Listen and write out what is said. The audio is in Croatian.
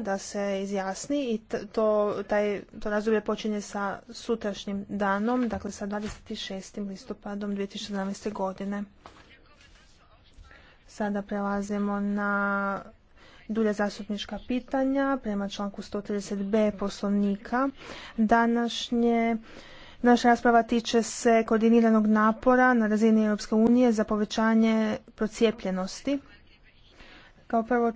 da se izjasni i to, taj, to razdoblje počinje sa sutrašnjim danom, dakle sa 26. listopadom 2017. godine. Sada prelazimo na dulja zastupnička pitanja prema članku 130b poslovnika. Današnje Naša rasprava tiče se koordiniranog napora na razini Europske unije za povećanje procijepljenosti. Kao prvo